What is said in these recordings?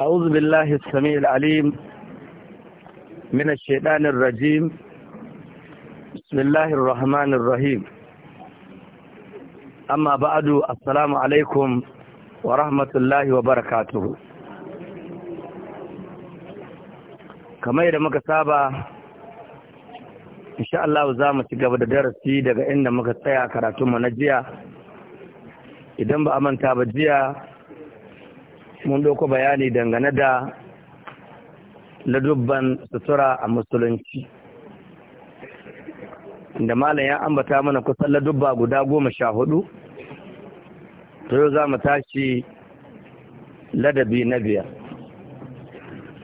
أعوذ بالله السميع العليم من الشيطان الرجيم بسم الله الرحمن الرحيم أما بعد السلام عليكم ورحمة الله وبركاته kamar yadda muka saba insha Allah za mu ci gaba da darasi daga inda muka tsaya karatunmu na jiya idan ba a manta ba jiya mun ɗauko bayani dangane da ladubban sutura a musulunci da malam ya ambata mana kusan ladubba guda goma sha hudu to yau za mu tashi ladabi na biyar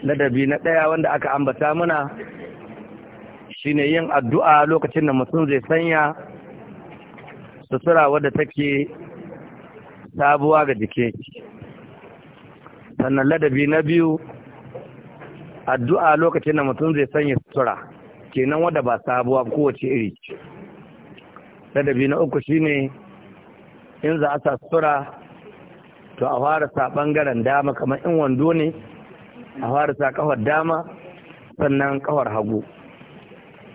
ladabi na ɗaya wanda aka ambata mana shi ne yin addu'a lokacin da mutum zai sanya sutura wadda take sabuwa ga jikin sannan ladabi na biyu addu'a lokacin da mutum zai sanya sutura kenan wadda ba sabuwa kowace iri ladabi na uku shine in za a sa sutura to a fara sa bangaren dama kamar in wando ne a fara sa kafar dama sannan kafar hagu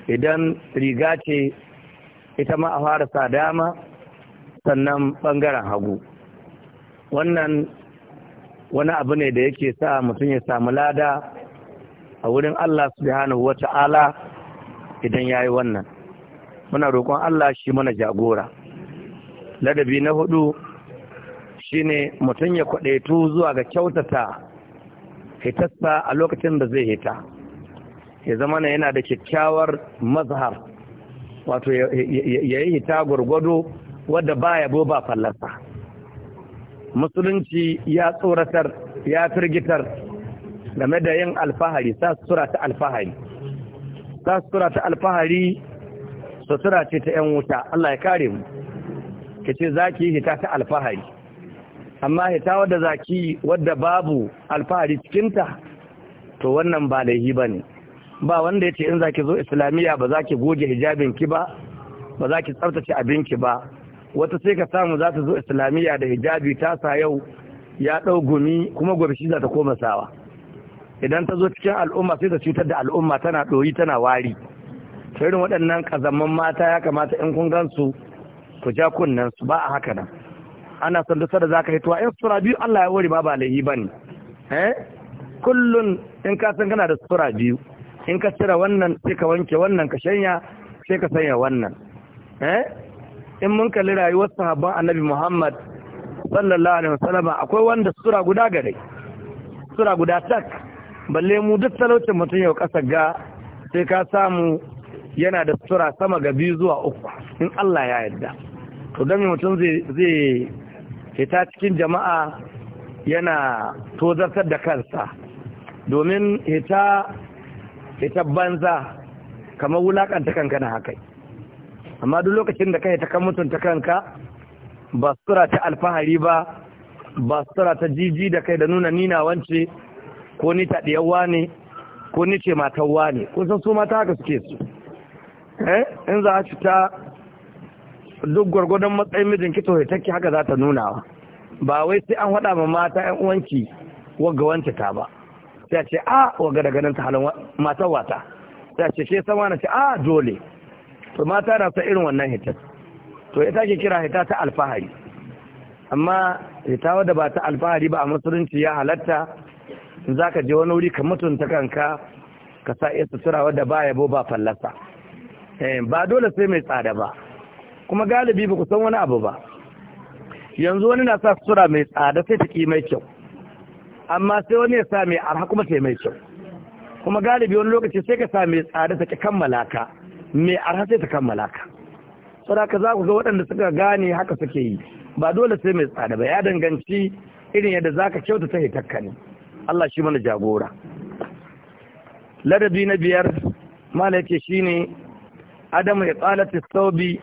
idan riga ce ita ma a fara sa dama sannan bangaren hagu wannan wani abu ne da yake sa mutum ya samu lada a wurin Allah subhanahu wa ta'ala idan ya yi wannan muna roƙon Allah shi mana jagora ladabi na hudu shi ne mutum ya kwadaitu zuwa ga kyautata hitarsa a lokacin da zai hita ya zama na yana da kyakkyawar mazhar wato ya yi hita gwargwado wadda ba bo ba fallasa musulunci ya tsoratar ya firgitar game da yin alfahari sura ta alfahari sura ta alfahari sutura ce ta 'yan wuta Allah ya kare mu ka ce za ki hita ta alfahari amma hita wadda za ki wadda babu alfahari cikinta to wannan ba laihi ba ne ba wanda ya ce in za ki zo islamiyya ba za ki goge hijabinki ba ba za ki tsabtace abinki ba wata sai ka samu za ta zo islamiyya da hijabi ta sa yau ya ɗau gumi kuma gobe shi za ta koma sawa idan ta zo cikin al'umma sai ta cutar da al'umma tana ɗoyi tana wari irin waɗannan ƙazamman mata ya kamata in kun gansu ku ja kunnen su ba a haka nan ana son duk da zaka hitowa in eh, sura biyu Allah ya wuri ba, ba laihi bane eh kullun in ka san kana da sura biyu in ka cire wannan sai ka wanke wannan ka shanya sai ka sanya wannan eh? in mun kalli rayuwar sahabban annabi Muhammad sallallahu alaihi wasallam akwai wanda sura guda gare sura guda tak balle mu duk talaucin mutum yau kasa ga sai ka samu yana da sura sama ga biyu zuwa uku in Allah ya yarda to dan mutum zai zai fita cikin jama'a yana tozartar da kansa domin hita banza kamar wulakanta kankana haka amma duk lokacin da kai ta kan mutunta kanka ba sura ta alfahari ba ba sura ta jiji da kai da nuna nina wance ko ni ta diyawa ne ko ni ce matawa ne kusan su mata haka suke su eh in za a ci ta duk gwargwadon matsayin mijin kito ya take haka za ta nuna ba wai sai an haɗa ma mata yan uwanki wagga wance ta ba sai ce a ah, wagga daga nan ta halin matan wata sai ce ke sama na ce a ah, dole to mata na sa irin wannan hitar to ita ke kira hita ta alfahari amma hita wadda ba ta alfahari ba a musulunci ya halatta za ka je wani wuri ka mutunta kanka ka sa iya sutura wadda ba yabo ba fallasa eh, ba dole sai mai tsada ba kuma galibi ba ku san wani abu ba yanzu wani na sa sutura mai tsada sai ta mai kyau amma sai wani ya sa mai arha kuma sai mai kyau kuma galibi wani lokaci sai ka sa mai tsada ta ki kammala ka Me arha sai ta kammala ka saboda za ku ga waɗanda suka gane haka suke yi ba dole sai mai tsada ba ya danganci irin yadda zaka ka kyauta ta hitakka ne Allah shi mana jagora ladabi na biyar mala yake shine adamu ya iqalati thawbi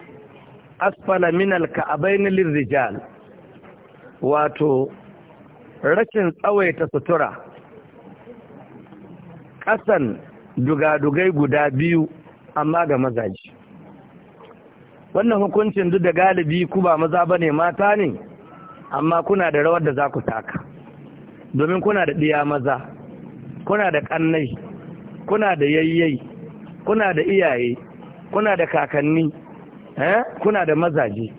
asfala min al-ka'abain lirijal wato rashin tsawaita sutura Kasan dugadugai guda biyu amma ga mazaji wannan hukuncin duk da galibi ku ba maza ba ne mata ne amma kuna da rawar da za ku taka domin kuna da ɗiya maza kuna da ƙannai kuna da yayyai kuna da iyaye kuna da kakanni eh, kuna da mazaje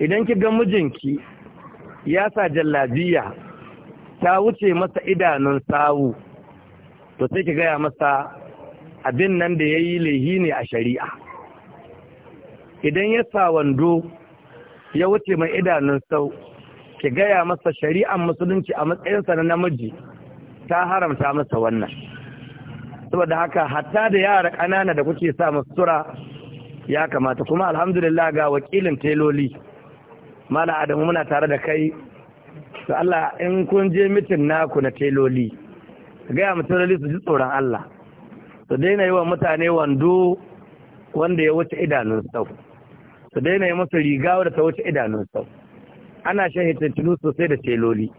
idan ki ga mijinki ya sa jallabiya ta wuce masa idanun sawu to sai ki gaya masa abin nan da ya yi laihi ne a shari'a idan ya sa wando ya wuce mai idanun sau ki gaya masa shari'an musulunci a matsayinsa na namiji ta haramta masa wannan saboda haka hatta da yara ƙanana da kuke sa masu mastura ya kamata kuma alhamdulillah ga wakilin teloli mala adamu muna tare da kai to Allah in kun je mitin naku na teloli gaya mutum teloli su ji tsoron Allah su daina yi wa mutane wando wanda ya wuce idanun sau su daina yi masu riga wadda ta wuce idanun sau ana shan hitintinu sosai da celoli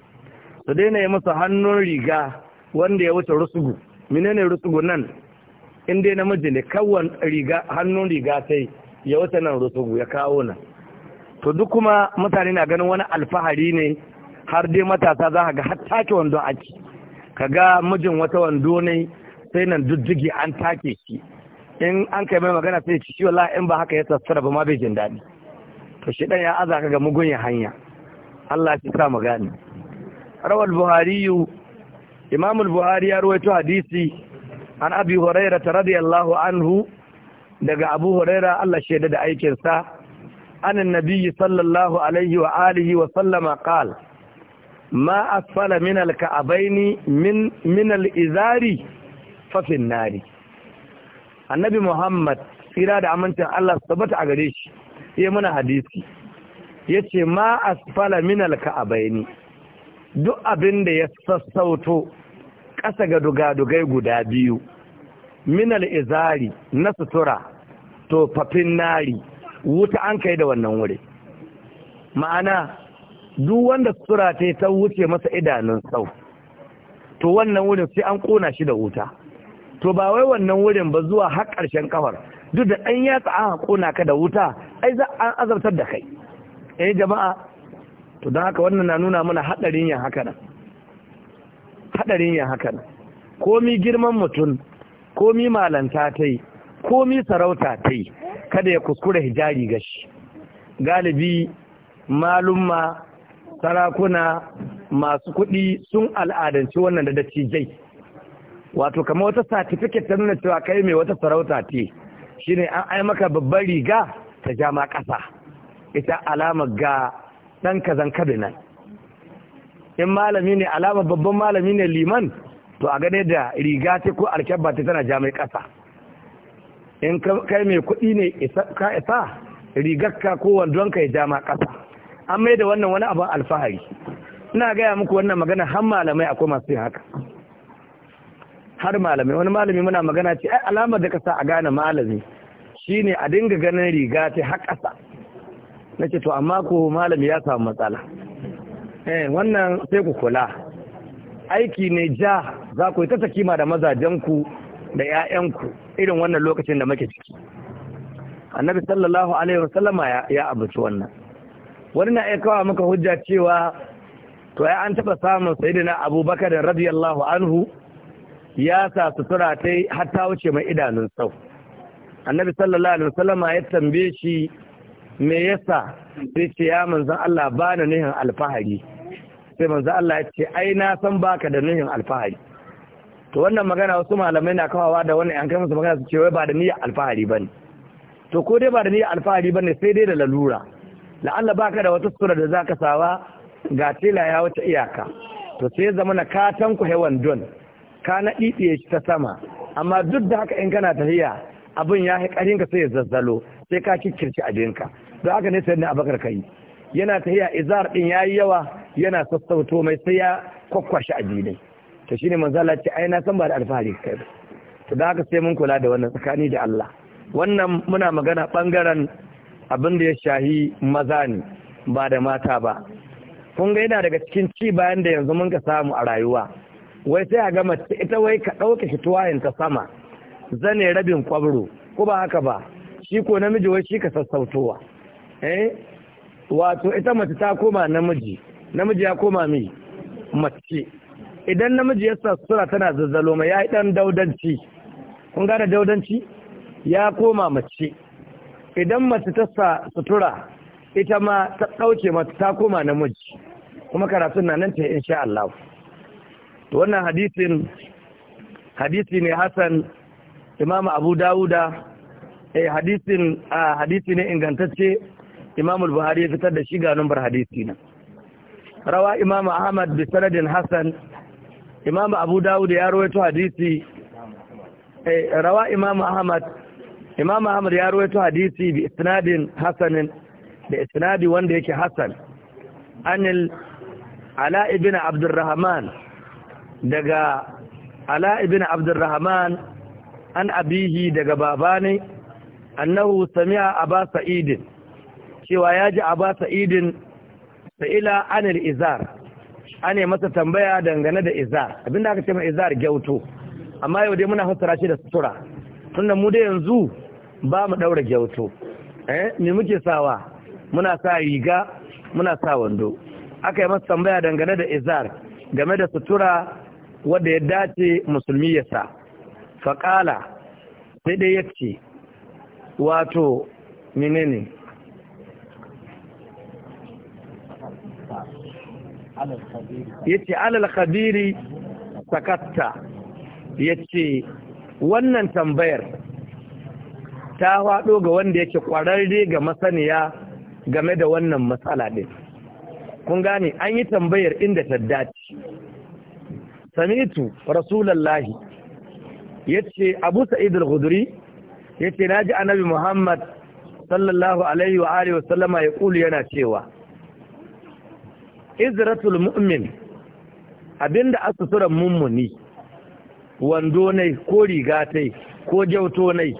su daina yi masu hannun riga wanda ya wuce rusugu menene rusugu nan in dai namiji ne kawon riga hannun riga sai ya wuce nan rusugu ya kawo nan to duk kuma mutane na ganin wani alfahari ne har dai matasa za ka ga har take wando ci ka ga mijin wata wando ne sai nan duddige an take shi in an kai mai magana sai ci wala in ba haka ya tsatsara ba ma bai jin daɗi to shi ɗan ya azaka ka ga mugun hanya Allah ya sa mu gane rawal buhari imam buhari ya rawaito hadisi an abi hurairah radiyallahu anhu daga abu hurairah Allah shaida da aikin sa an annabi sallallahu alaihi wa alihi wa sallama qala ma asfala min al-ka'abaini min min al-izari fafin nari annabi muhammad tsira da amincin allah su tabbata a gare shi ya muna hadisi ya ce ma asfala minal ka'abaini duk abin da ya sassauto ƙasa ga dugadugai guda biyu minal izari na sutura to fafin nari wuta an kai da wannan wuri ma'ana duk wanda sutura ta ta wuce masa idanun sau to wannan wurin sai an ƙona shi da wuta to ba wai wannan wurin ba zuwa har ƙarshen kafar duk da ya yatsa a kona ka da wuta ai za an azabtar da kai eh jama'a to don haka wannan na nuna mana haɗarin yin haka nan haɗarin yin haka nan komi girman mutum komi malanta ta yi komi sarauta ta yi kada ya kuskura hijari gashi galibi malumma sarakuna masu kuɗi sun al'adanci wannan da jai. wato kamar wata certificate ta nuna cewa kai mai wata sarauta ce shine an ai maka babbar riga ta ja ma ƙasa ita alama ga ɗan kazan kabe nan in malami ne alama babban malami ne liman to a gane da riga ce ko alkyabba ta tana ja mai ƙasa in kai mai kuɗi ne ka isa rigarka ko ka ya ja ma ƙasa an mai da wannan wani abin alfahari ina gaya muku wannan magana har malamai akwai masu yin haka har malami wani malami muna magana ce ai alamar da kasa a gane malami shine a dinga ganin riga ta har ƙasa nace to amma ko malami ya samu matsala eh wannan sai ku kula aiki ne ja za ku yi ta kima da mazajenku da 'ya'yanku irin wannan lokacin da muke ciki annabi sallallahu alaihi wasallama ya, ya abuci wannan wani na iya kawo maka hujja cewa to ai an taɓa samun sayyidina abubakar radiyallahu anhu ya sa sutura ta har ta wuce mai idanun sau annabi sallallahu alaihi wasallam ya tambaye shi me yasa sai ce ya manzon Allah ba na nuhin alfahari sai manzon Allah ya ce ai na san baka da nuhin alfahari to wannan magana wasu malamai na kawawa da wannan an kai musu magana su ce wai ba da niyyar alfahari bane to ko dai ba da niyyar alfahari bane sai dai da lalura la'alla baka da wata sura da zaka sawa ga tela ya wata iyaka to sai zama na katan ku hewan don ka na ɗiɗiye shi ta sama amma duk da haka in kana tafiya abin ya yi ƙarinka sai ya zazzalo sai ka kikkirci abinka don haka ne sayyidina abakar kai yana tafiya izar ɗin ya yi yawa yana sassauto mai sai ya kwakwashe abinai to shine ne manzala ce ai na san ba da alfahari kai ba to da haka sai mun kula da wannan tsakani da Allah wannan muna magana ɓangaren abin da ya shahi maza ne ba da mata ba kun ga yana daga cikin ci bayan da yanzu mun ka samu a rayuwa wai sai a gama ita wai ka ɗauka shi tuwayin ta sama zane rabin kwabro ko ba haka ba shi ko namiji wai shi ka sassautowa eh wato ita mace ta koma namiji namiji ya koma mi mace idan namiji ya sassura tana zazzalo mai ya yi ɗan daudanci kun gane daudanci ya koma mace idan mace ta sa sutura ita ma ta ɗauke mata ta koma namiji kuma karatun na nan ta insha Allah to wannan hadisin hadisi ne Hassan Imam Abu Dawuda eh hadisin hadisi ne ingantacce Imam Buhari ya fitar da shi ga numbar hadisi na rawa Imam Ahmad bi sanadin Hassan Imam Abu Dawud ya rawaito hadisi eh rawa Imam Ahmad Imam Ahmad ya rawaito hadisi bi isnadin Hassanin da isnadi wanda yake Hassan anil Ala ibn Abdurrahman daga ala ibn abdurrahman an abihi daga babane annahu sami'a aba sa'idin cewa ya ji aba sa'idin sa'ila anil izar ane masa tambaya dangane da izar abinda aka ce mai izar gyauto amma yau dai muna fassara shi da sutura tunda mu da yanzu ba mu daura gyauto eh me muke sawa muna sa riga muna sa wando aka yi masa tambaya dangane da izar game da sutura wadda ya dace musulmi ya sa faƙala sai dai ya ce wato ne?" ya ce alal khabiri sakatta ya ce wannan tambayar ta haɗo ga wanda yake ƙwararre ga masaniya game da wannan matsala ɗin kun gane an yi tambayar inda ta dace samitu ya yace abu sa'id al ce na ji annabi muhammad sallallahu alaihi wa alihi sallama ya kulu yana cewa izratul mu'min abinda asusuran mummuni wando ne ko riga tai ko jauto ne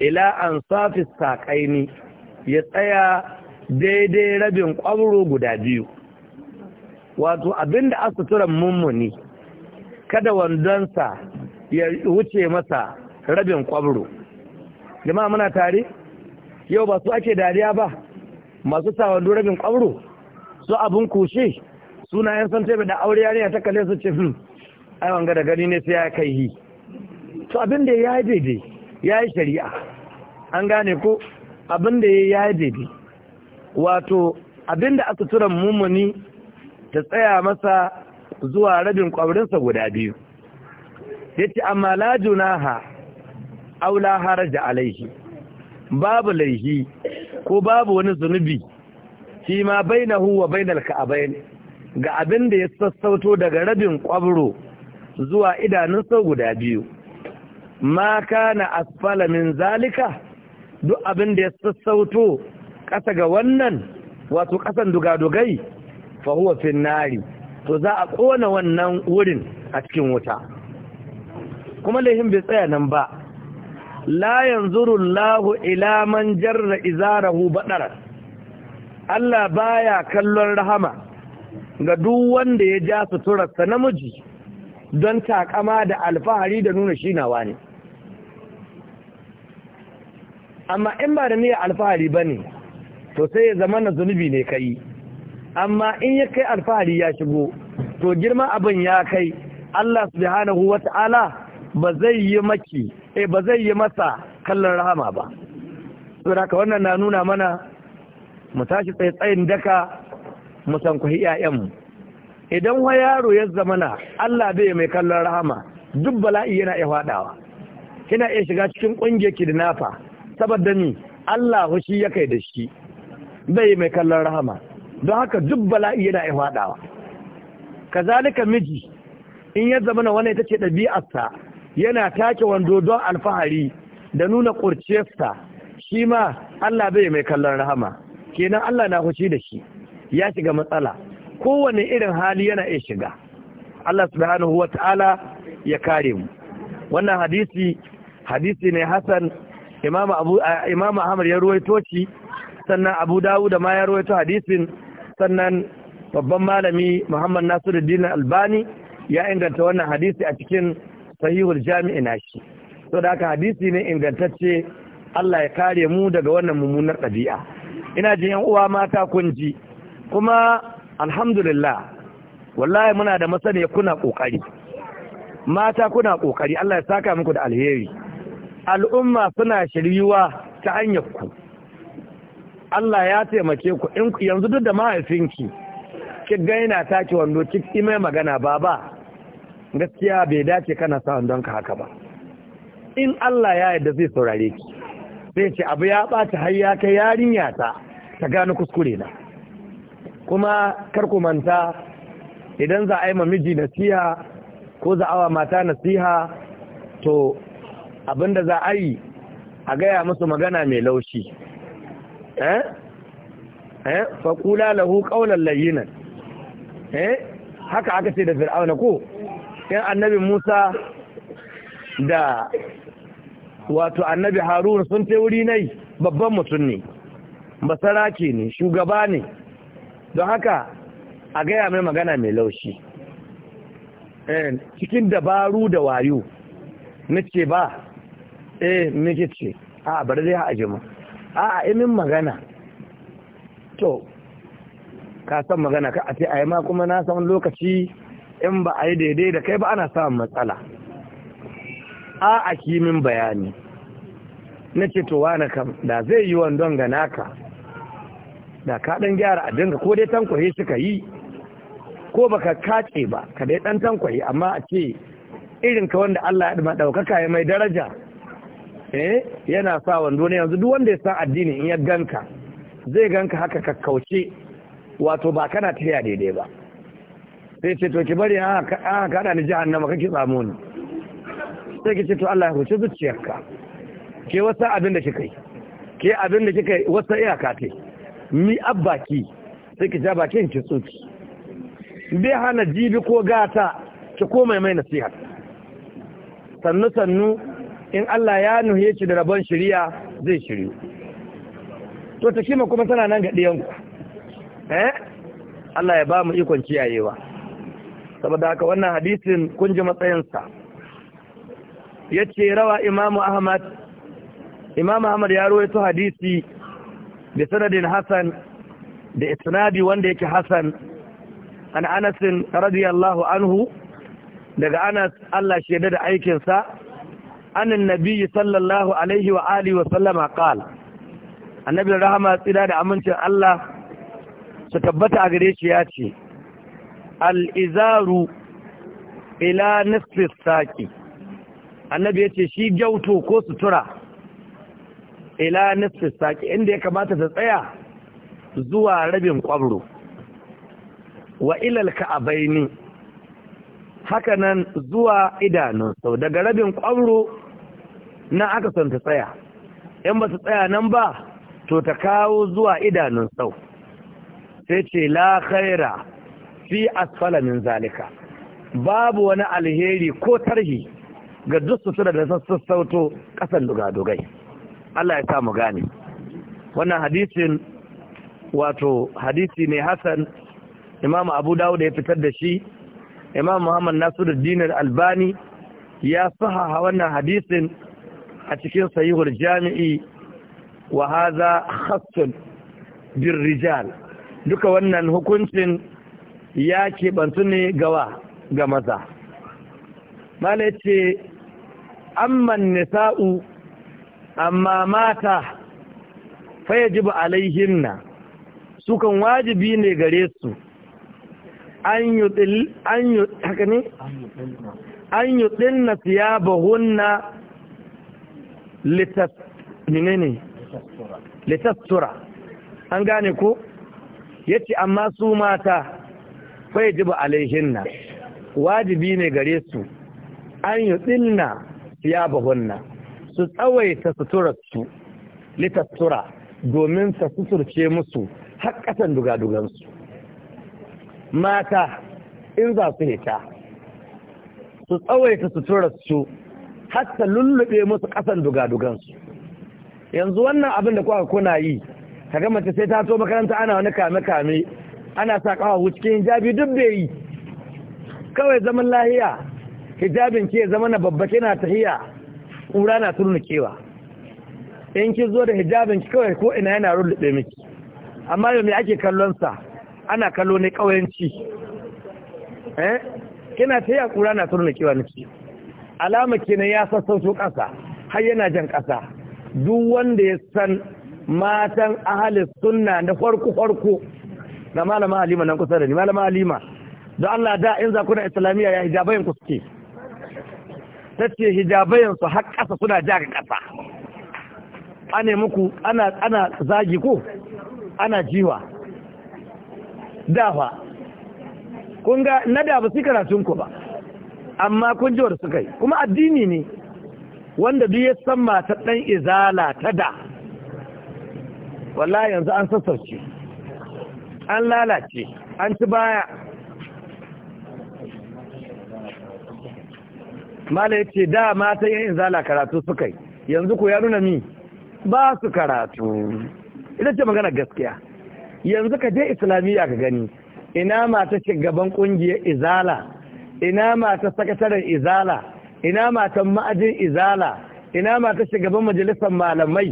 ila an safi saƙaini ya tsaya daidai rabin ƙwaro guda biyu wato abinda asusuran mummuni kada wandonsa ya wuce masa rabin kwabro jama'a muna tare yau ba su ake dariya ba masu sa wando rabin kwabro su abin kushe suna yan san tebe da aure yarinya ta kalle su ce hmm, ai wanga da gani ne sai ya kai hi to abin da ya yi daidai ya yi shari'a an gane ko abin da ya yi daidai wato abin da aka tura mummuni ta tsaya masa zuwa rabin kwabrinsa guda biyu yace amma la junaha aw la haraja alaihi babu laihi ko babu wani zunubi shi ma bainahu wa bainal ka'abain ga abin da ya sassauto daga rabin kwabro zuwa idanun sa guda biyu ma kana asfala min zalika duk abin da ya sassauto ƙasa ga wannan wato ƙasan dugadugai fa huwa finnari to za a ƙona wannan wurin a cikin wuta kuma laifin bai tsaya nan ba layan zurun lahu ila man jarra izarahu baɗara Allah baya kallon rahama ga duk wanda ya ja suturarsa namiji don takama da alfahari da nuna shinawa ne amma in ba da niyyar alfahari bane to sai ya zama na zunubi ne ka yi. amma in ya kai alfahari ya shigo to girma abin ya kai Allah subhanahu wata'ala ba zai yi maki eh ba zai yi masa kallon rahama ba saboda haka wannan na nuna mana mu tashi tsaitsayin daka mu sankwahi ƴaƴanmu idan wa yaro ya zamana Allah bai mai kallon rahama duk bala'i yana iya faɗawa kina iya shiga cikin ƙungiyar kidnafa saboda ni Allah hushi ya kai da shi bai mai kallon rahama don haka duk bala'i yana ya faɗawa kazalika miji in ya zama na wani ita ce ɗabi'arsa yana take wando don alfahari da nuna ƙurciyarsa shi ma Allah bai mai kallon rahama kenan Allah na hushi da shi ya shiga matsala kowane irin hali yana iya shiga Allah subhanahu wa ta'ala ya kare mu wannan hadisi hadisi ne Hassan Imam Ahmad ya ruwaito shi sannan Abu Dawud ma ya ruwaito hadisin sannan babban malami Muhammad Nasiru, Nasiruddin Albani ya inganta wannan hadisi a cikin sahihul jami'i nashi So da haka hadisi ne ingantacce Allah ya kare mu daga wannan mummunar ɗabi'a ina jin yan uwa mata kun ji kuma alhamdulillah wallahi muna da masaniya kuna kokari mata kuna kokari Allah ya saka muku da alheri al'umma suna shiryuwa ta hanyar ku Allah ya taimake ku in yanzu duk da mahaifinki ki gaina ta ki wando ki ki mai magana baba gaskiya bai dace kana sa wandon ka haka ba in Allah ya yarda zai saurare ki zai ce abu ya ɓata har ya kai yarinya ta ta gano kuskure na kuma kar ku manta idan za a yi miji nasiha ko za a wa mata nasiha to abinda za a yi a gaya musu magana mai laushi eh eh faƙula lahu ƙaunar layinan eh haka aka ce da fir'auna ko yan annabi musa da wato annabi haruna sun te wuri nai babban mutum ne basarake ne shugaba ne don haka a gaya mai magana mai laushi eh, cikin dabaru da wayo na ce ba eh nake ce a bari zai ha ajima a imin magana to ka san magana ka a ce a yi ma kuma na san lokaci in ba a yi daidai da kai ba ana samun matsala a a kimin bayani na ce to wani kam da zai yi wandon ga naka da ka ɗan gyara a dinga ko dai tankwaye suka yi ko ba ka kace ba ka dai ɗan tankwaye amma a ce irin ka wanda Allah ya ka ya mai daraja E, yana sa wando ne yanzu duk wanda ya san addini in ya ganka zai ganka haka kakkauce wato ba kana tafiya daidai ba sai ce to ki bari an kada ni jahannama kake samu ni sai ki ce to Allah ya huce zuciyarka ke wasa abin da kika yi ke abin da kika yi wasa iyaka ce mi abbaki sai ki ja bakin ki tsuki bai hana jibi ko gata ki komai mai nasiha sannu sannu in Allah ya nuhe shi da rabon shiriya zai shiryu to ta kima kuma tana nan ga ɗiyanku eh Allah ya ba mu ikon kiyayewa saboda haka wannan hadisin kun ji matsayinsa ya ce rawa imamu ahmad imamu ahmad ya rawaito hadisi da sanadin Hassan da isnadi wanda yake Hassan an anas radiyallahu anhu daga anas Allah shaida da aikinsa an annabi sallallahu alaihi wa alihi wa sallama qala annabi rahama tsira da amincin Allah su tabbata a gare shi ya ce al-izaru ila nisfi saki annabi yace shi gyauto ko sutura ila nisfi saki inda ya kamata ta tsaya zuwa rabin kwabro wa ilal ka'abaini hakanan zuwa idanunsa. sau daga rabin kwabro Na aka son ta tsaya in ba su tsaya nan ba to ta kawo zuwa idanun sau sai ce la khaira fi asfala zalika babu wani alheri ko tarhi ga duk su da sassauto kasan dugadugai Allah ya sa mu gane wannan hadisin wato hadisi ne Hassan Imam Abu Dawud ya fitar da shi Imam Muhammad Nasiruddin Albani ya sahaha wannan hadisin a cikin sayihul jami'i wa haza khassun duka wannan hukuncin ya keɓantu ne gawa ga maza mala ce amman nisa'u amma mata fayajibu alaihinna sukan wajibi ne gare su an yi na siyabahunna litattura an gane ko ya ce amma su mata fai jiba alaihinna wajibi ne gare su an yi tsinna siya bahunna su tsawaita suturarsu litattura domin ta suturce musu haƙƙasan dugadugansu mata in za su hita su tsawaita suturarsu hatta lullube musu kasan dugadugansu yanzu wannan abin da kuka kuna yi kaga mace sai ta to makaranta ana wani kame-kame ana sa kawahu cikin hijabi duk bai yi kawai zaman lahiya hijabin ke zama na babba kina tahiya ƙura na turnukewa in ki zo da hijabin ki kawai ko ina yana rullube miki amma yau me ake kallon sa ana kallo ne ƙauyenci eh kina tahiya ƙura na turnukewa miki alama kenan ya sassauto ƙasa har yana jan ƙasa duk wanda ya san matan ahalis sunna na farko farko na malama halima nan kusa da ni malama halima da Allah da in za kuna islamiyya ya hijabayin ku suke ta ce hijabayin su har ƙasa suna ja ga ƙasa ana muku ana zagi ko ana jiwa dafa kun ga nada ba su karatun ku ba amma kun ji suka yi kuma addini ne wanda duk ya san mata ɗan izala ta da wallahi yanzu an sassauce an lalace an ci baya mala ya ce da mata yin izala karatu suka yi yanzu ku ya nuna mi ba su karatu ita ce magana gaskiya yanzu ka je islamiyya ka gani ina mata gaban ƙungiyar izala ina mata sakataren izala ina matan ma'ajin izala ina mata shugaban majalisar malamai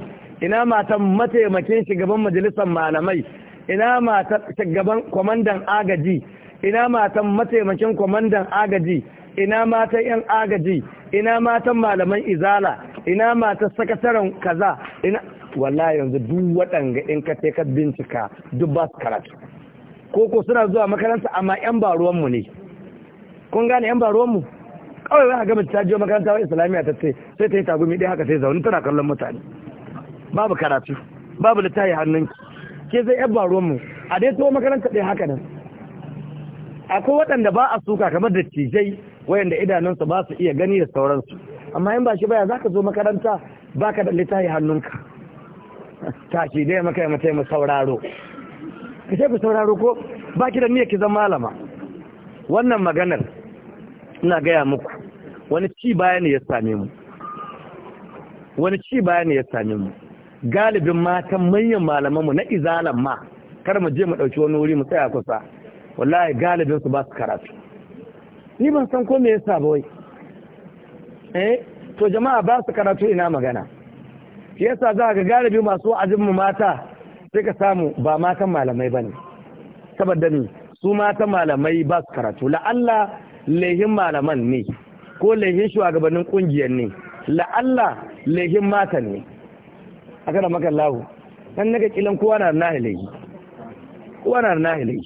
ina matan mataimakin shugaban majalisar malamai ina matan shugaban kwamandan agaji ina matan mataimakin kwamandan agaji ina matan yan agaji ina matan malaman izala ina matan sakataren kaza ina wallahi yanzu duk waɗanga in ka ka bincika duk ba su karatu ko ko suna zuwa makaranta amma yan ba ne kun gane yan baro mu kawai wani gama ta jiyo makaranta wa islamiyya ta ce sai ta yi tagumi ɗaya haka sai zaune tana kallon mutane babu karatu babu littafi hannun ke zai yan baro a dai tuwo makaranta ɗaya haka nan akwai waɗanda ba a suka kamar da cijai wayanda idanunsu ba su iya gani da sauransu amma in ba shi baya ka zo makaranta baka da littafi hannunka tashi dai maka ya mutai mu sauraro ka ce ku sauraro ko baki da niyyar ki zan malama wannan maganar ina gaya muku wani ci baya ne ya same mu wani ci baya ne ya same mu galibin matan manyan malaman mu na izalan ma kar mu je mu ɗauki wani wuri mu tsaya kusa wallahi galibin su ba su karatu ni ban san ko me yasa ba wai eh to jama'a ba su karatu ina magana yasa za ga galibi masu wa'azin mu mata sai ka samu ba matan malamai bane saboda ni su mata malamai ba su karatu la'alla lehin malaman ne ko lehin shugabannin kungiyar ne la'alla lehin mata ne a kana maka lahu kan naga kilan kowa na nahi lehi kowa na nahi lehi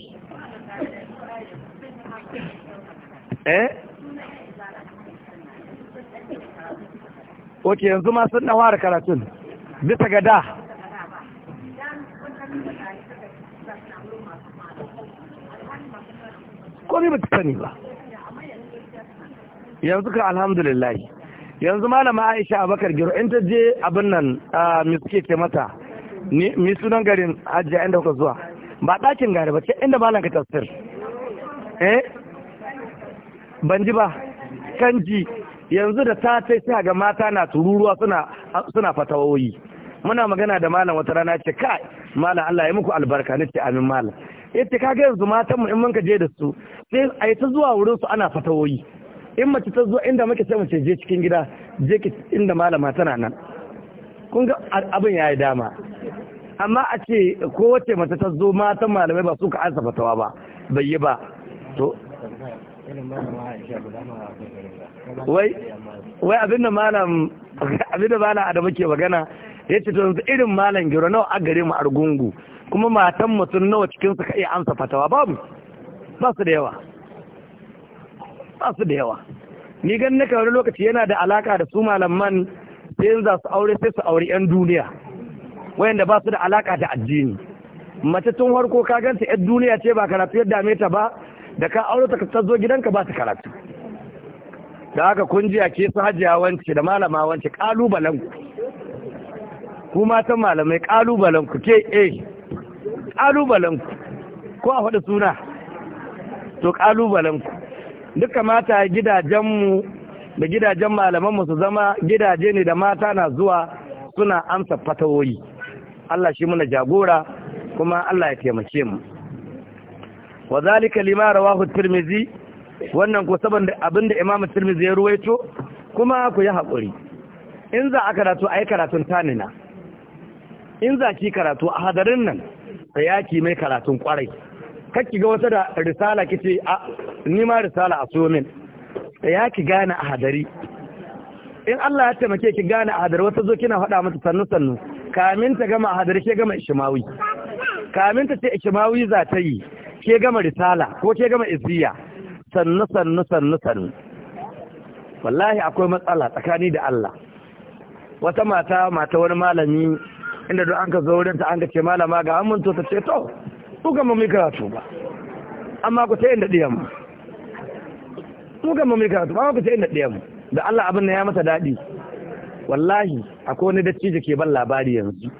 eh ok yanzu ma sun na karatun bisa ga da komi ba ta sani ba yanzu ka alhamdulillah yanzu malama aisha abakar giro in ta je abin nan mi suke ce mata mi sunan garin ajiya inda kuka zuwa ba ɗakin gari ba ce inda malam ka tafsir eh ban ji ba kan ji yanzu da ta ce sai ga mata na tururuwa suna suna fatawoyi muna magana da malam wata rana ce kai malam Allah ya muku albarka nace amin malam yace kaga yanzu matan mu in mun ka je da su sai a yi ta zuwa wurin su ana fatawoyi in mace ta zo inda muke sai mace je cikin gida je ki inda malama tana nan kun ga abin yayi dama amma a ce ko wace mace ta zo matan malamai ba su ka ansa fatawa ba bai yi ba to wai wai abinda malam da malam Adamu ke magana ya ce to irin malam gero nawa a gare mu argungu kuma matan mutum nawa cikin su ka iya amsa fatawa babu ba su da yawa ba su da yawa ni gan naka wani lokaci yana da alaka da su malaman sai za su aure sai su aure yan duniya wayanda ba su da alaka da addini mace tun harko ka ganta yan duniya ce ba karatu yadda dame ta ba da ka aure ta ta zo gidanka ba ta karatu da haka kun ji a ke su hajiya wance da malama wance kalubalen ku ku matan malamai kalubalen ku ke eh kalubalen ku ko a faɗi suna to kalubalen ku duk kamata gidajenmu da gidajen malamanmu su zama gidaje ne da mata na zuwa suna amsa fatawoyi Allah shi muna jagora kuma Allah ya taimake mu wa zalika lima rawahu tirmizi wannan ko saboda abinda imamu tirmizi ya ruwaito kuma ku yi haƙuri in za a karatu a yi karatun tanina in za ki karatu a hadarin nan da yaki mai karatun kwarai kakki ga wata da risala kice a ni ma risala a so min ya ki gane a hadari in Allah ya taimake ki gane a hadari wata zo kina faɗa mata sannu sannu kamin ta gama a hadari ke gama ishimawi kamin ta ce ishimawi za ta yi ke gama risala ko ke gama isiya sannu sannu sannu sannu wallahi akwai matsala tsakani da Allah wata mata mata wani malami inda duk an ka zo wurin ta an ka ce malama ga an mun to ta ce to muka mu karatu ba amma ku ta yin ɗiyan mu mu karatu ba amma ku ta ɗiyan mu da Allah abin na ya mata daɗi wallahi akwai wani dacci da ke ban labari yanzu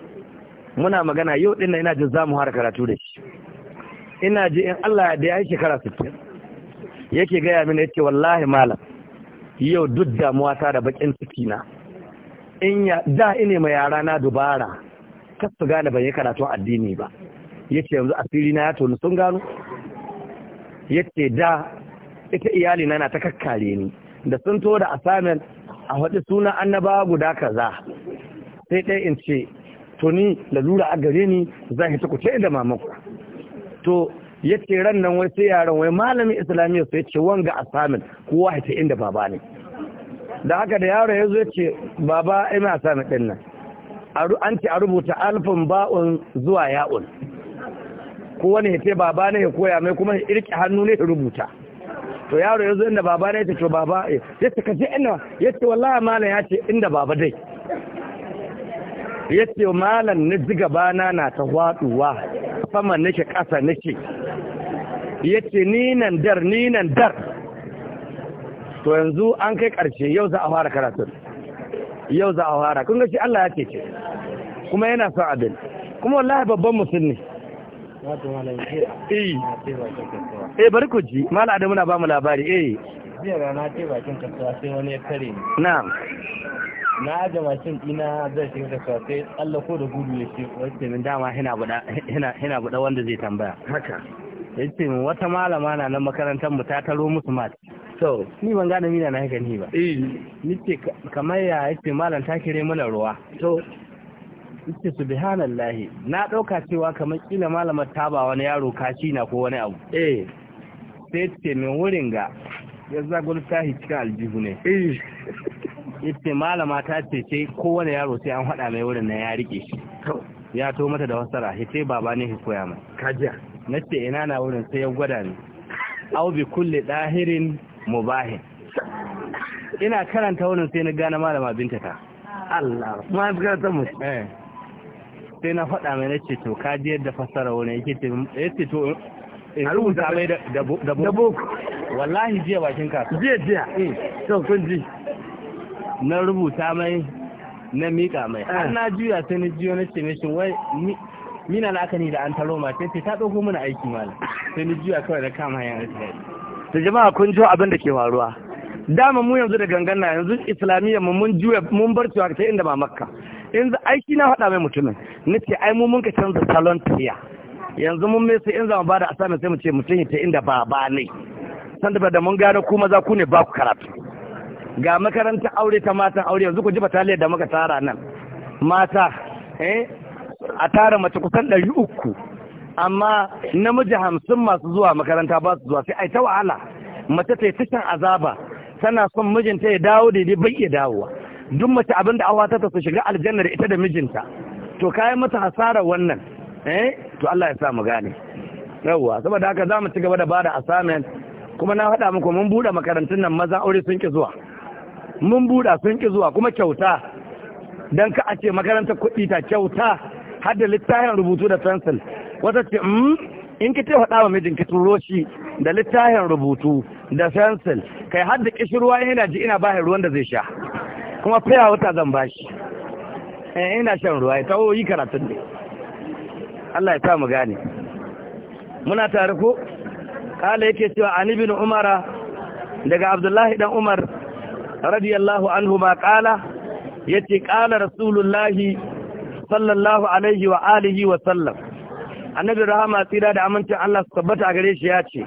muna magana yau ɗin ina jin zamu har karatu da shi ina ji in Allah da ya yi shekara sittin yake gaya mini ce, wallahi malam yau duk damuwa ta da bakin ciki na in ya da ine ma yara na dubara kasu gane ban yi karatun addini ba yace yanzu asiri na ya tonu sun gano yace da ita iyali na ta kakkare ni da sun to da assignment a haɗi suna annaba guda kaza sai dai in ce to ni lalura a gare ni za ki tukuce da mamaku to ya ce ran nan wai sai yaran wai malamin islamiyya sai ce wanga assignment kowa ya inda baba ne da haka da yaro ya zo ya ce baba ina assignment din nan an ce a rubuta alfin ba'un zuwa ya'un ko wani ya ce baba ne ya koya mai kuma ya irki hannu ne ya rubuta to yaro ya zo inda baba ne ya ce to baba eh. ya ce ka je ina ya ce wallahi malam ya ce inda baba dai ya ce malam na ji gabana na ta waɗuwa sama nake ƙasa nake ya ce ni nan dar ni nan dar to yanzu an kai ƙarshe yau za a fara karatun yau za a fara kun ga shi Allah ya ce ce kuma yana son abin kuma wallahi babban musulmi eh bari ku ji mala adamu na ba mu labari eh jiya rana ce bakin kasuwa sai wani ya kare ni na'am na ga mashin dina zai shiga da sai Allah ko da gudu ya ce wace min dama hina buda hina hina buda wanda zai tambaya haka yace min wata malama na nan makarantar mu ta taro musu mat to ni ban gane mina na haka ni ba eh ni ce kamar ya yace malam ta kire mana ruwa to ce subhanallahi na ɗauka cewa kamar kila malamar ta ba wani yaro kashi na ko wani abu eh sai ce min wurin ga ya zagon tahi cikin aljihu ne eh yace malama ta ce sai wani yaro sai an haɗa mai wurin na ya rike shi ya to mata da wasara hite baba ne ya koya mai kajiya na ce ina na wurin sai ya gwada ni au bi kulli dahirin mubahin ina karanta wurin sai na gane malama binta ta Allah ma karanta mu mutu. Eh. sai na faɗa mai nace to ka ji yadda fassara wani yake ce yace to in rubuta mai da book wallahi jiya bakin ka jiya jiya eh. to kun ji na rubuta mai na miƙa mai har eh. na juya sai na jiyo na ce mishi wai mina la'akari da an taro mace sai ta ɗauko mana aiki malam sai na juya kawai da kama hanyar aiki da jama'a kun jo abin da ke faruwa dama mu yanzu da gangan na yanzu islamiyya mu mun juya mun bar cewa ta inda ba makka in aiki na faɗa mai mutumin ce ai mu mun ka canza salon tiya yanzu mun mai sai in zama ba da asamin sai mu ce mutum ya ta inda ba ba ne san da mun gano ku maza ku ne ba ku karatu ga makaranta aure ta matan aure yanzu ku ji bataliyar da muka tara nan mata eh a tara mace kusan ɗari uku amma namiji hamsin masu zuwa makaranta ba su zuwa sai ai ta wahala mace ta yi azaba tana son mijinta ya dawo daidai bai iya dawowa duk mace abin da Allah ta tafi shiga aljannar ita da mijinta to kayan mata hasara wannan eh to Allah ya sa mu gane yawa saboda haka za mu ci gaba da bada assignment kuma na faɗa muku mun buɗe makarantun nan maza aure sun ki zuwa mun buɗe sun ki zuwa kuma kyauta dan ka a ce makarantar kuɗi ta kyauta har da littafin rubutu da pencil wata ce mm, in ki ta faɗa wa mijin ki turo shi da littafin rubutu da pencil kai har da kishirwa yana ji ina ba ruwan da zai sha kuma faya wata zan bashi eh, ina shan ruwa ya tawo yi karatun ne Allah ya sa mu gane muna tare ƙala kala yake cewa a umara daga abdullahi dan umar radiyallahu anhu ma kala ce kala rasulullahi sallallahu alaihi wa alihi wa sallam annabi rahama tsira da amincin Allah su tabbata gare shi ya ce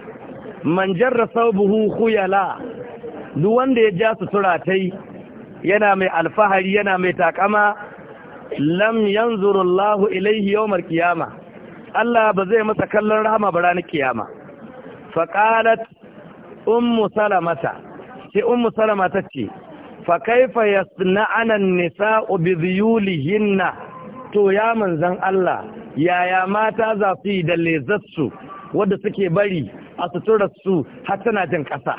man jarra saubuhu khuyala duk wanda ya ja su suratai yana mai alfahari yana mai takama lam yanzuru Allah ilaihi yawmar kiyama Allah ba zai masa kallon rahama ba ranar kiyama fa qalat ummu salamata ce ummu salama ce. fa kaifa yasna'ana an-nisa'u bi dhuyulihinna to ya manzan Allah yaya mata za su yi da zassu wanda suke bari a su har tana jin ƙasa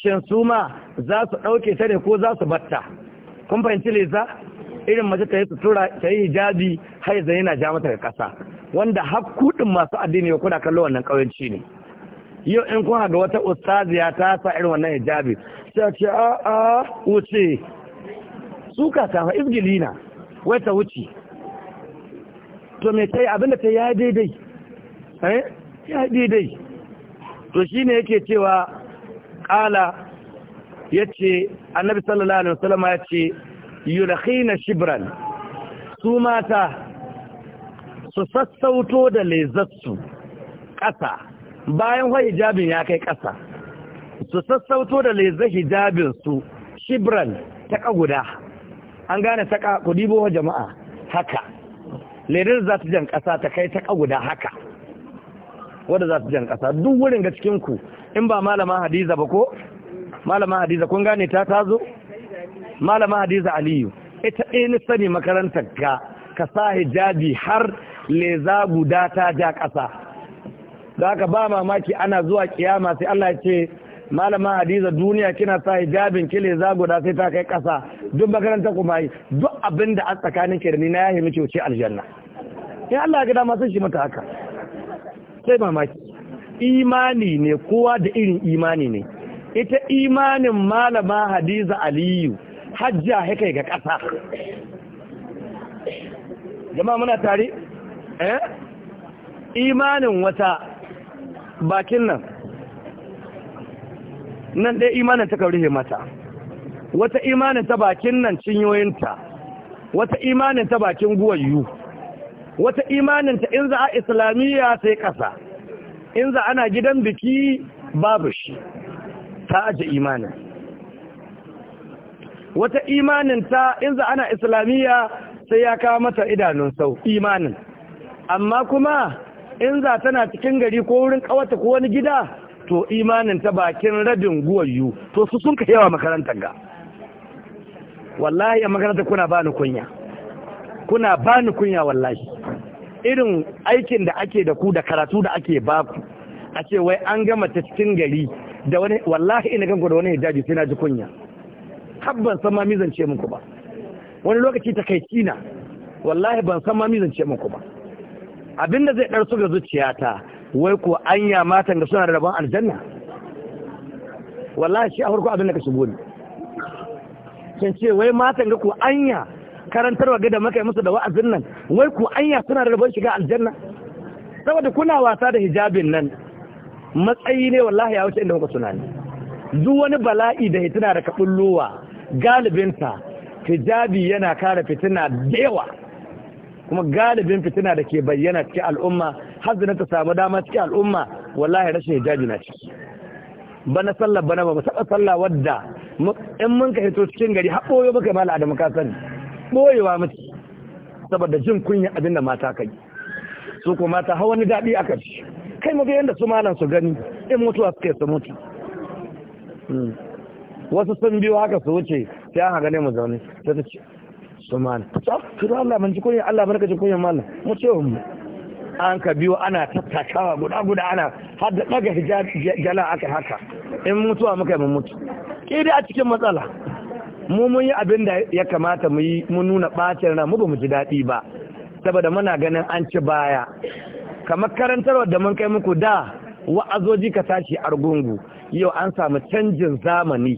shin su ma za su ɗauke ta ne ko za su batta kun fahimci leza irin mace ta yi sutura ta yi hijabi har yanzu yana ja mata ga ƙasa wanda hakkudin masu addini ya kuna kallo wannan ƙauyenci ne yau in kun haga wata ustaziya ta sa irin wannan hijabi sai ce a a wuce suka ta fa ibgilina wai ta wuce to me ta yi abinda ta yi ya daidai eh ya daidai to shine yake cewa ta'ala yace annabi sallallahu alaihi wasallam yace yulkhina shibran su mata su sassauto da lezatsu ƙasa bayan wa hijabin ya kai ƙasa su sassauto da lezat hijabin su shibran ta guda an gane ta kudibo jama'a haka ledar za ta jan ƙasa ta kai ta guda haka wadda za ta jan ƙasa duk wurin ga cikinku in ba malama hadiza ba ko malama hadiza kun gane ta tazo malama hadiza aliyu ita ɗaya sani makaranta ka ka sa hijabi har leza guda ta ja kasa za ba mamaki ana zuwa kiyama sai Allah ya ce malama hadiza duniya kina sa hijabin ki leza guda sai ta kai ƙasa duk makaranta kuma yi duk abinda a tsakanin kirni na yahi miki wuce aljanna in Allah ya ga dama sun shi mata haka sai mamaki imani ne kowa da irin imani ne ita imanin malama hadiza aliyu hajja haka ga ƙasa Jam'a muna tare eh imanin wata bakin nan nan ɗaya imanin ta kauri mata wata imanin ta bakin nan cinyoyinta wata imanin ta bakin guwayu wata imanin ta in za a islamiyya sai ƙasa in za ana gidan biki babu shi ta aje imanin wata imanin ta in za ana islamiyya sai ya kawo mata idanun sau imanin amma kuma in za tana cikin gari ko wurin kawata ko wani gida to imanin ta bakin rabin guwayu to su sun yawa makarantar ga wallahi a makarantar kuna bani kunya kuna bani kunya wallahi irin aikin da ake da ku da karatu da ake ba ku a ce wai an gama ta cikin gari da wani wallahi ina ganku da wani hijabi sai na ji kunya habban san ma mizance muku ba wani lokaci ta kai na wallahi ban san ma mizance muku ba abinda zai ɗarsu ga zuciyata wai ko anya matan da suna da rabon aljanna wallahi shi a farko abin da ka shigo ne ce wai matan ga ko anya karantarwa ga da muka yi musu da wa'azin nan wai ku anya suna da rabon shiga aljanna saboda kuna wasa da hijabin nan matsayi ne wallahi ya wuce inda muka tunani duk wani bala'i da hituna da kabullowa galibinta hijabi yana kare fitina da yawa kuma galibin fitina da ke bayyana cikin al'umma hazina ta samu dama cikin al'umma wallahi rashin hijabi na ciki bana sallah bana ba mu taɓa sallah wadda in mun ka hito cikin gari haɓoyo muka mala da muka sani ɓoyewa mace saboda jin kunya abinda mata ka yi su kuma mata hawa wani daɗi aka ci kai mu ga yadda su malam su gani in mutuwa suke su mutu hmm. wasu sun biyo haka su wuce sai an gane mu zaune sai ta ce su malam ta kira Allah man ji kunya Allah barka ji kunya malam mu ce mu an ka biyo ana tattakawa guda guda ana har da daga jala aka haka in mutuwa muka yi mu mutu ke dai a cikin matsala mu mun yi abin da ya kamata mu yi mun nuna bacin ran mu ba mu ji daɗi ba saboda muna ganin an ci baya kamar karantarwa da mun kai muku da wa'azoji ka tashi argungu yau an samu canjin zamani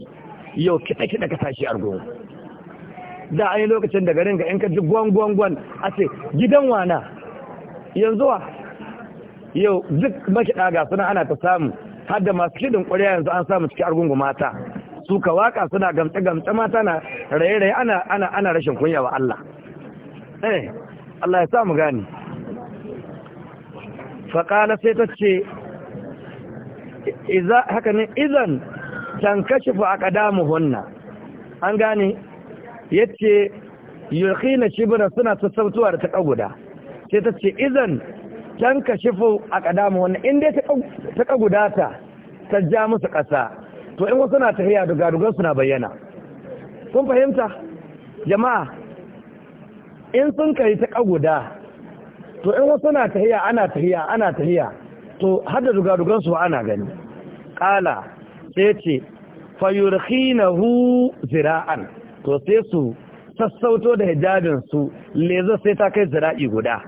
yau kiɗa-kiɗa ka tashi argungu da an yi lokacin da garin ga 'yan ka ji gwangwangwan a ce gidan wana yanzu wa yau duk makiɗa ga suna ana ta samu har da masu kiɗin ƙwarya yanzu an samu cikin argungu mata suka waka suna gamce gamce mata na raye raye ana ana ana rashin kunya wa Allah eh Allah ya sa mu gani fa qala sai ta ce idza haka ne idan tankashifu aqdamuhunna an gane yace yulqina shibra suna sassautuwa da ta guda. sai ta ce idan tankashifu aqdamuhunna inda ta kagudata ta ja musu ƙasa to in wasu na tafiya gadugan suna bayyana kun fahimta jama'a in sun kai ta kaguda to in wasu na tahiya ana tahiya ana tahiya to har da dugadugan su ana gani kala sai ce fayurkhinahu zira'an to sai su sassauto da hijabin su lezo sai ta kai zira'i guda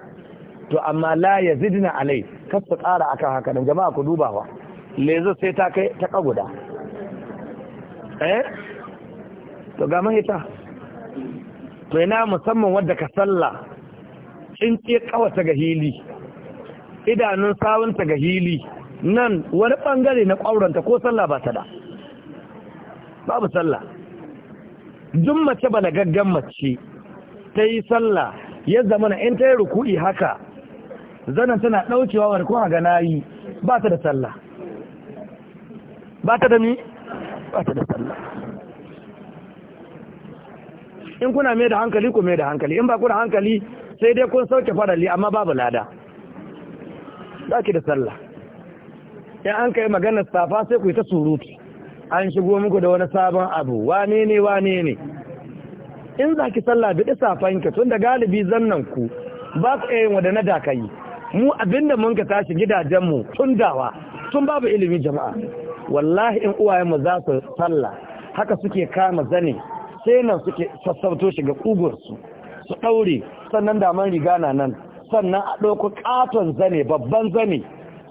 to amma la yazidna alai kar su kara akan haka dan jama'a ku dubawa lezo sai ta kai ta kaguda eh to ga mahita to yana musamman wadda ka salla in ce kawata ga hili idanun sawunta ga hili nan wani bangare na ƙwauranta ko salla ba ta da babu salla duk mace ba gaggan mace ta yi salla ya zama na in ta yi ruku'i haka zanen tana ɗaukewa wani kuma ga nayi ba ta da salla ba ta da ni ba da sallah in kuna mai da hankali ku mai da hankali in ba ku da hankali sai dai kun sauke farali amma babu lada ba ki da sallah in an kai maganar safa sai ku yi ta surutu an shigo muku da wani sabon abu wane ne wane ne in za ki sallah biɗi safanki tun da galibi zannan ku ba ku yin wada na dakayi mu abinda mun ka tashi gidajenmu tun dawa tun babu ilimin jama'a wallahi in uwayen mu za su sallah haka suke kama zane sai nan suke sassauto shiga ga ƙugursu su ɗaure sannan daman riga na nan sannan a ɗauko ƙaton zane babban zane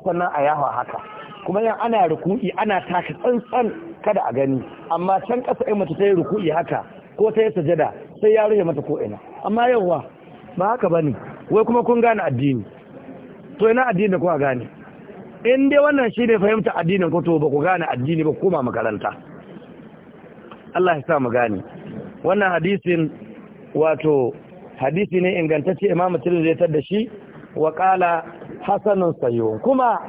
sannan a yawa haka kuma yan ana ruku'i ana taka tsantsan kada a gani amma can ƙasa in mutu ta yi ruku'i haka ko ta yi sajada sai ya rufe mata ko'ina amma yawa ba haka ba ne wai kuma kun gane addini to ina addini da kuka gane in dai wannan shi ne fahimta addinin ko to ba ku gane addini ba koma makaranta Allah ya sa mu gane wannan hadisin wato hadisi ne ingantacce Imam zai ya da shi wa kala hasanun sayo kuma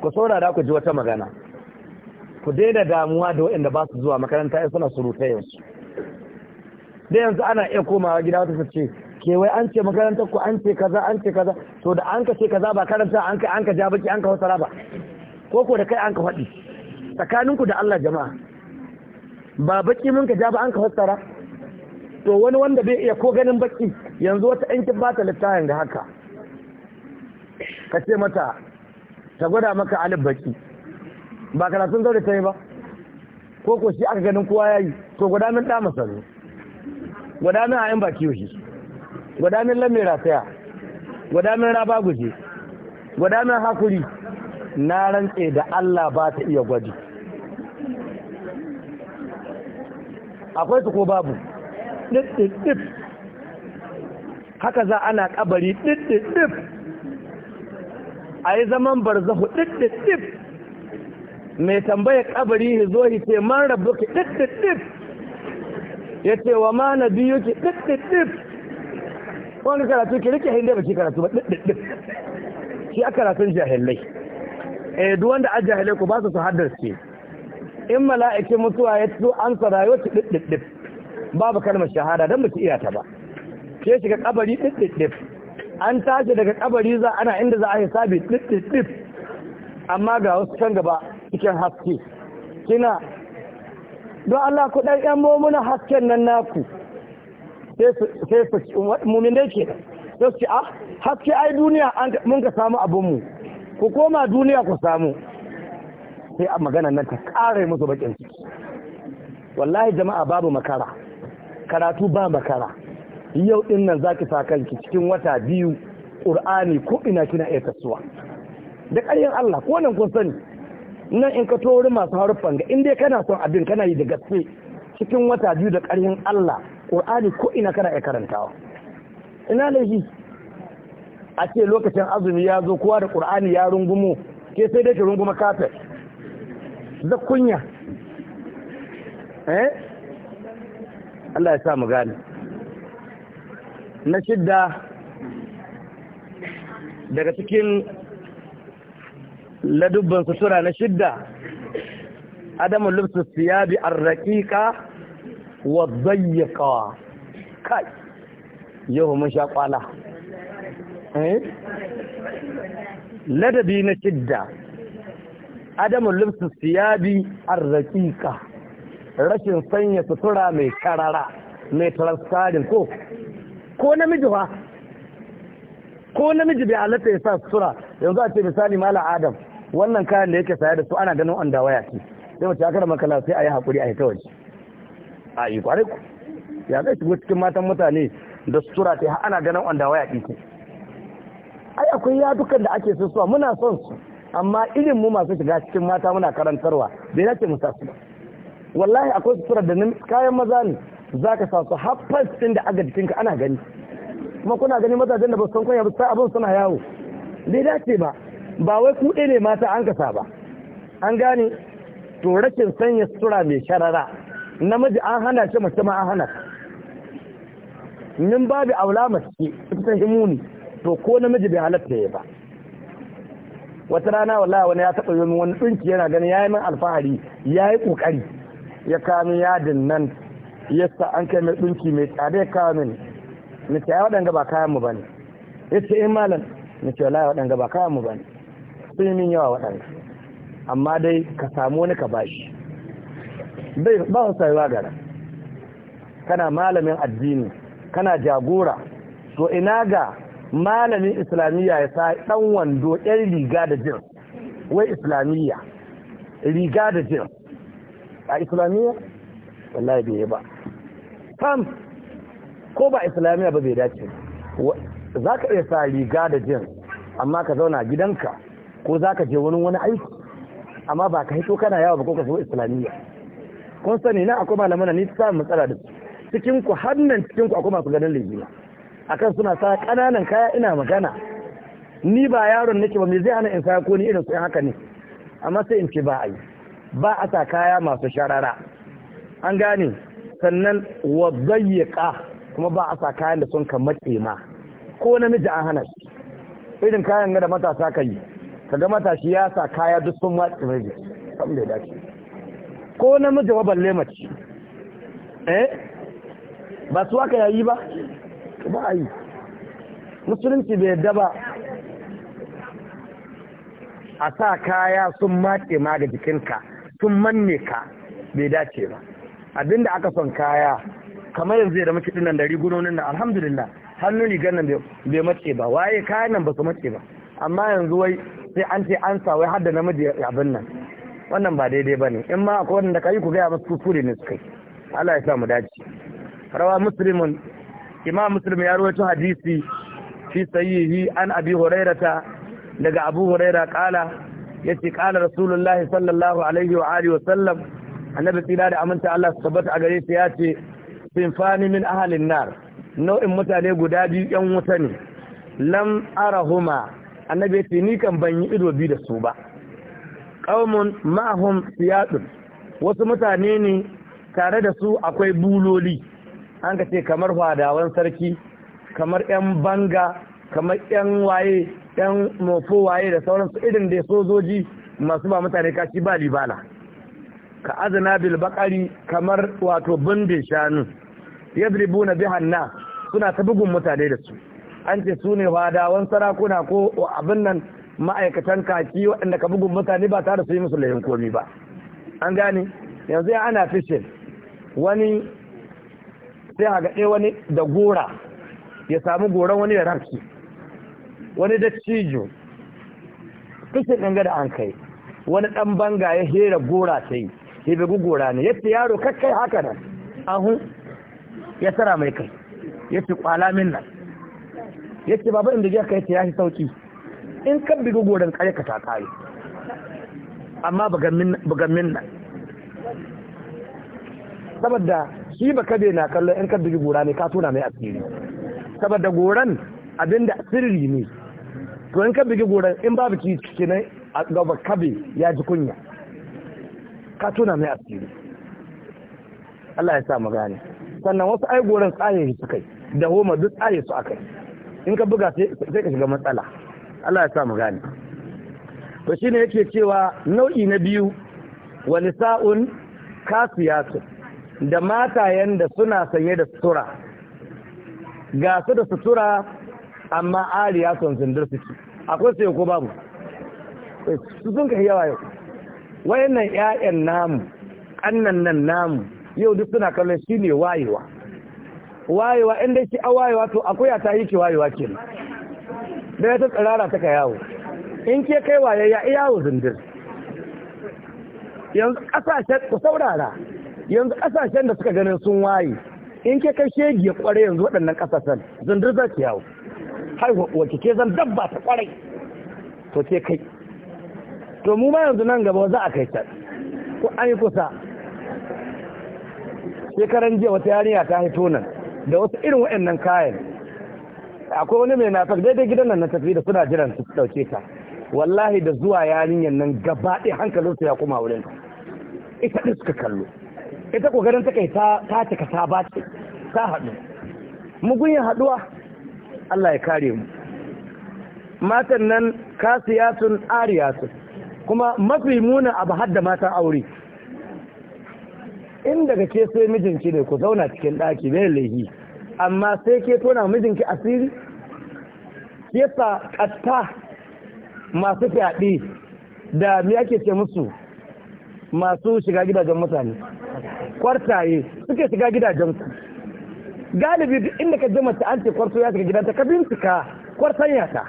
ku saurara ku ji wata magana ku daina damuwa da waɗanda ba su zuwa makaranta suna surutayensu da yanzu ana iya komawa gida wata ce ke wai an ce makarantar ku an ce kaza an ce kaza to da an ka ce kaza ba karanta an ka an ka ja baki an ka hausara ba ko ko da kai an ka faɗi tsakaninku da Allah jama'a ba baki mun ka ja ba an ka hausara to wani wanda bai iya ko ganin baki yanzu wata ɗan kin bata littafin da haka ka ce mata ta gwada maka alif baki ba karatun zaure ta yi ba ko ko shi aka ganin kowa yayi to gwada min da masaru gwada min a yan baki yau shi gwadamin lamin rataya gwadamin raba guje gwadamin hakuri na rantse da Allah ba ta iya gwaji akwai su ko babu ɗiɗɗiɗɗif haka za ana ƙabari ɗiɗɗiɗɗif a yi zaman barzahu ɗiɗɗiɗɗif mai tambaya ƙabari zo hice man rabu ki ɗiɗɗiɗɗif ya ce wa ma na biyu ki ɗiɗɗiɗɗif wani karatu ki rike Hindi ba ki karatu ba ɗiɗɗiɗɗi shi a karatun jahilai eh duk wanda a jahilai ku ba su su haddarce in mala'ikin mutuwa ya zo an sa rayuwa ki ɗiɗɗiɗɗi babu kalmar shahada don ba iyata iya ta ba ke shiga kabari ɗiɗɗiɗɗi an tashi daga kabari za ana inda za a yi hisabi ɗiɗɗiɗɗi amma ga wasu can gaba cikin haske kina don Allah ku ɗan ƴan momuna hasken nan naku sai su mumin dai ke da. su ce a ah, haske ai duniya mun ka samu abinmu ku koma duniya ku samu sai a magana nan ta ƙare musu bakin su wallahi jama'a babu makara karatu ba makara yau din nan zaki sa kanki cikin wata biyu qur'ani ko ina kina iya tasuwa da ƙaryar Allah ko nan kun sani nan in ka tori masu haruffan ga in dai kana son abin kana yi da gaske cikin wata biyu da ƙaryar Allah ƙur'ani ko ina kana iya karantawa ina laifi a ce lokacin azumi ya zo kowa da ƙur'ani ya rungumo ke sai dai ka runguma kafet da kunya eh Allah ya sa mu gane na shidda daga cikin ladubban sutura na shidda adamu lubsu siyabi arraqiqa wa zayyaka kai yau mun sha kwala eh? ladabi na shidda adamun lubsu siyabi arraƙiƙa rashin sanya sutura mai karara mai transparent ko ko namiji ba ko namiji bai halatta ya sa sutura yanzu a ce misali mala adam wannan kayan da yake saya da su ana ganin wanda waya ce sai mace aka da makala sai a yi haƙuri a yi ta waje a yi kwarai ku ya zai shigo cikin matan mutane da sutura ta ana ganin wanda waya ɗiko ai akwai dukkan da ake sussuwa muna son su amma irin mu masu shiga cikin mata muna karantarwa bai dace mu sasu ba wallahi akwai sutura da kayan maza ne za ka sasu haffas ɗin da aga jikinka ana gani kuma kuna gani mazajen da ba san kwanya ba abin suna yawo bai dace ba ba wai ku ne mata an gasa ba an gane to rashin sanya sutura mai sharara namiji an hana shi mace ma an hana min babu aula mace ita himuni to ko namiji bai halatta ya ba wata rana wallahi wani ya taɓa yomi wani dinki yana ganin ya yi min alfahari ya yi ƙoƙari ya kawo yadin nan ya sa an kai mai dinki mai tsada ya kawo min ni ce ya wadanga ba kayan mu bane yace eh malam ni ce wallahi wadanga ba kayan mu bane sun yi min yawa wadanga amma dai ka samu wani ka bashi ba su sayuwa gara kana malamin addini kana jagora to ina ga malamin islamiyya ya sa ɗan wando ɗan riga da jin wai islamiyya riga da jin a islamiyya wallahi bai ba fam! ko ba islamiyya ba bai dace za ka iya sa riga da jin amma ka zauna gidanka ko za ka je wani wani aiki amma ba ka hito kana yawa ba ko ka so islamiyya kun sani na akwai malaman na ni samun matsala da su cikin ku har nan cikin ku akwai masu ganin lebiya akan suna sa kananan kaya ina magana ni ba yaron nake ba me zai hana in saya ko ni irin su haka ne amma sai in ce ba ai ba a sa kaya masu sharara an gane sannan wa zayyaka kuma ba a sa kayan da sun matse ma ko namiji an hana shi irin kayan ga da matasa ka kaga matashi ya sa kaya duk sun watsi da dace ko namiji wa balle mace eh ba su aka yayi ba ba a musulunci bai daba. a sa kaya sun matse ma da jikinka sun manne ka bai dace ba abinda aka son kaya kamar yanzu da muke dinnan da rigunonin nan alhamdulillah hannun rigar nan bai mace ba waye kayan nan ba su mace ba amma yanzu wai sai an ce an sa wai har da namiji abin nan wannan ba daidai ba ne in ma akwai wanda ka yi ku gaya masu kuskure ne suka yi Allah ya sa mu dace rawa Musulmin, imam muslim ya rawaito hadisi fi sayyihi an abi hurairata daga abu huraira kala yace kala rasulullahi sallallahu alaihi wa alihi wa sallam annabi tsira da aminta Allah su tabbata a gare shi yace fani min ahalin nar nau'in mutane guda biyu yan wuta ne lam arahuma annabi ya ce ni kan ban yi ido biyu da su ba ƙaumun ma'hum siyadun wasu mutane ne tare da su akwai buloli an ka ce kamar fadawan sarki kamar yan banga kamar yan waye yan mofo waye da sauransu irin da sojoji masu ba mutane kashi ba libala ka azna bil bakari kamar wato bunde shanu yadribuna bihan na suna ta bugun mutane da su an ce su ne fadawan sarakuna ko abin nan ma'aikatan kaki waɗanda ka bugun mutane ba tare su yi musu layin komi ba an gane yanzu ya ana fishin wani sai a gaɗe wani da gora ya samu goron wani ya rafki wani da cijo fishin ɗin gada an kai wani ɗan banga ya hera gora ta yi ya bugu gora ne yadda yaro kakkai haka nan ahu ya tara mai kai ya ce kwala min nan ya ce babu inda ya kai ta ya sauki in kan biga goren kare ka ta amma bugammin nan saboda shi ba kabe na kallon in kan biga gora ne ka tuna mai asiri saboda goran abinda sirri ne to in kan biga goran in babu ki ne a gaba kabe ya ji kunya ka tuna mai asiri Allah ya sa mu gane sannan wasu ai goran tsaye su kai da homa duk tsaye su akai in ka buga sai ka shiga matsala Allah ya sa mu gane to shine yake cewa nau'i na biyu wa nisa'un kasiyatu da matayen da suna sanye da sutura ga su da sutura amma ariya sun zindir suke akwai sai ko babu su sun kai yawa yau wayannan ƴaƴan namu kannan nan namu yau duk suna kallon shine wayewa wayewa inda shi a wayewa to akwai ta yi ki wayewa kenan da ta tsirara ta ka yawo in ke kai waye ya yawo zindir yanzu kasashen ku saurara yanzu kasashen da suka ganin sun waye in ke kai shegi ya kware yanzu waɗannan kasashen zindir za ki yawo har wace ke zan dabba ta kware to ke kai to mu ma yanzu nan gaba za a kai can ko an yi kusa shekaran jiya wata yarinya ta haito nan da wasu irin waɗannan kayan akwai wani mai tafi daidai gidan nan na tafi da suna jiran su dauke ta wallahi da zuwa yarinyar nan gaba ɗaya hankalin su ya koma wurin ita ɗin suka kallo ita kokarin ta kai ta cika ta bace ta haɗu Mu gun yin haɗuwa Allah ya kare mu matan nan kasiyatun ariyatun kuma mafi munin abu hadda matan aure in daga ke sai mijinki ne ku zauna cikin ɗaki bai laifi. amma sai ke tona mijinki asiri yasa katta masu fyaɗe da me ake ce musu masu shiga gidajen mutane kwartaye suke shiga gidajen ku galibi inda ka ji mace an ce kwarto ya shiga gidanta ka bincika kwartan ya ta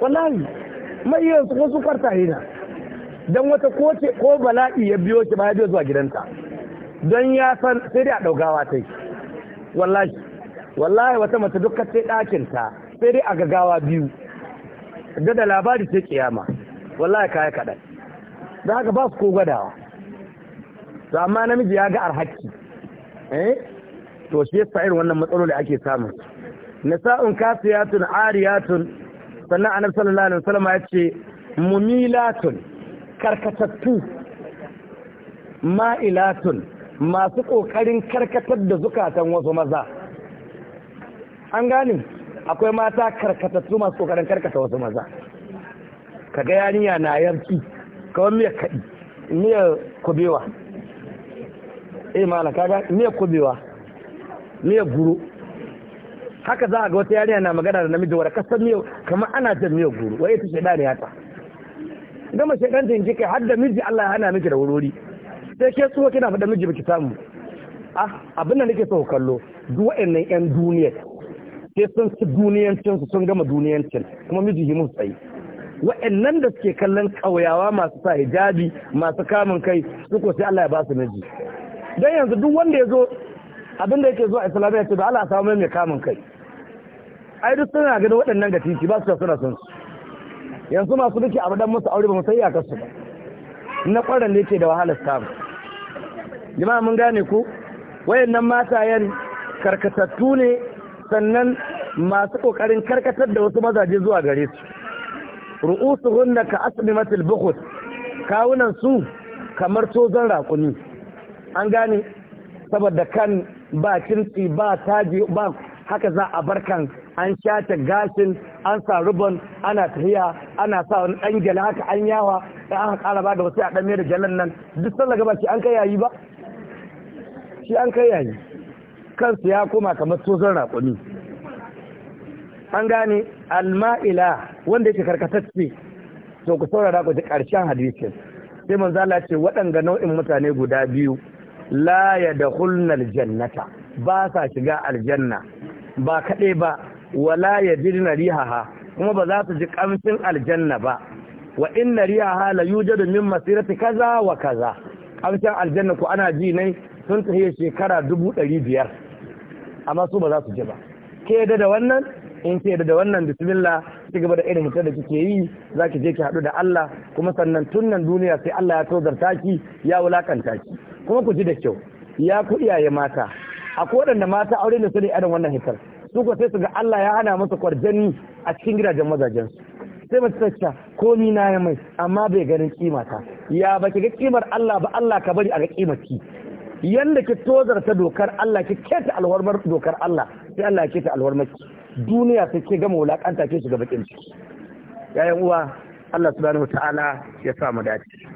wallahi mai yawan su kwasu kwartaye na don wata ko bala'i ya biyo shi ba ya biyo zuwa gidanta don ya san sai dai a ɗaugawa ta yi wallahi wallahi wata mace dukkan sai ta sai dai a gagawa biyu da da labari sai kiyama wallahi kaya kaɗan da haka ba su ko gwadawa to amma namiji ya ga arhaki eh to shi yasa irin wannan matsaloli ake samu nisa'un kasiyatun ariyatun sannan annabi sallallahu alaihi wasallam ya ce mumilatun karkatattu ma'ilatun masu ƙoƙarin karkatar da zukatan wasu maza an gane akwai mata karkatattu masu ƙoƙarin karkata wasu maza ka ga yarinya na yarki kawai miyar kaɗi miyar kubewa eh mana kaga miyar kubewa miyar guru haka za a ga wata yarinya na magana da namiji wadda kasar miyar kamar ana jan miyar guru wai ita shaidani haka gama shaidan ta yanki kai har da miji Allah ya hana miki da wurori sai ke tsuwa kina faɗa miji baki samu ah abin da nake so kallo duk wa'annan yan duniya sai sun ci duniyancin su sun gama duniyancin kuma miji himu tsayi wa'annan da suke kallon ƙauyawa masu sa hijabi masu kamun kai su ko sai Allah ya ba su miji dan yanzu duk wanda ya zo abin da yake zuwa islamiyya ce da Allah samu mai kamun kai ai duk suna ganin waɗannan gatiki ba su suna sun yanzu masu duki abu dan musu aure ba mu sai ya kasu ba na ƙwarar da ke da wahalar samu jama'a mun gane ku wayannan matayen karkatattu ne sannan masu kokarin karkatar da wasu mazaje zuwa gare su ru'usuhun ka ka aslimatil bukhut kawunan su kamar tozon raƙuni an gane saboda kan ba kintsi ba taji ba haka za a barkan an shata gashin an sa rubon ana tahiya ana sa wani ɗan gyale haka an yawa da aka ƙara da wasu a ɗan da nan duk sallah gaba ce an kai yayi ba shi an kai yayi kansu ya koma kamar tozon raƙumi an gane alma'ila wanda yake karkatacce to ku saurara ku ji ƙarshen hadisin sai manzo Allah ce waɗanga nau'in mutane guda biyu la ya hulnar jannata ba sa shiga aljanna ba kaɗai ba wala yajidna rihaha kuma ba za su ji ƙamshin aljanna ba wa inna rihaha la yujadu min masirati kaza wa kaza Ƙamshin aljanna ko ana ji ne sun tsaye shekara dubu ɗari biyar amma su ba za su ji ba ke yadda da wannan in ke yadda da wannan bismillah ci gaba da irin mutum da kike yi za ki je ki haɗu da Allah kuma sannan tun nan duniya sai Allah ya tozarta ki ya wulakanta ki kuma ku ji da kyau ya ku iyaye mata akwai waɗanda mata aure ne su ne irin wannan hitar su ko sai su ga Allah ya hana musu kwarjani a cikin gidajen mazajen su. sai mace tacca komai na ya mai amma bai ganin kima ta ya ba ga kimar Allah ba Allah ka bari a ga kimar ki yanda ki tozarta dokar Allah ki keta alwarmar dokar Allah sai Allah ya ta alwarmar duniya ta ke gama wulaƙanta ke shiga bakin ciki yayan uwa Allah subhanahu ta'ala ya sa mu dace